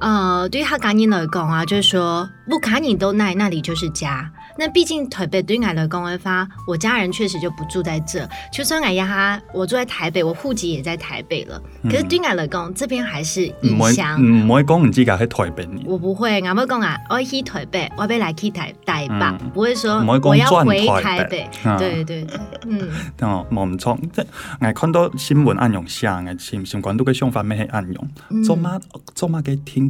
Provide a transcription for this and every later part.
呃，對於他講，你老公啊，就是說，不管你到哪，那裡就是家。那畢竟台北對我來的老公而發，我家人確實就不住在這。就算我講他，我住在台北，我戶籍也在台北了。可是對我的老公這邊還是異鄉。唔會講你自己喺台北，我不會。嗯、我冇講啊，我去台北，我俾來去台台北吧，嗯、不會說我要回台北。嗯、 對對對，嗯。我唔從。即係我看到新聞暗湧升，成成廣東嘅想法咩係暗湧。做乜做乜嘅天？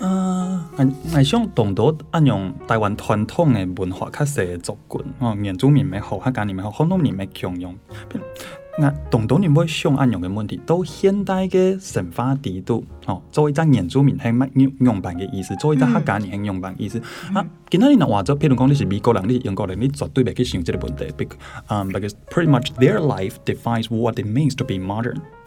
啊，俺像想同到俺用台灣傳統的文化特色的作品，哦，原住民也好，客家人也好，很多年沒強用。那同到人要想俺用嘅問題，到現代嘅文化地圖，哦，作為一個原住民係咩用用版嘅意思，作為一個客家人係用版嘅意思。嗯、啊，其他你若話做，譬如講你是美國人，你是英國人，你絕對袂去想這個問題。嗯、um,，because pretty much their life defines what it means to be modern.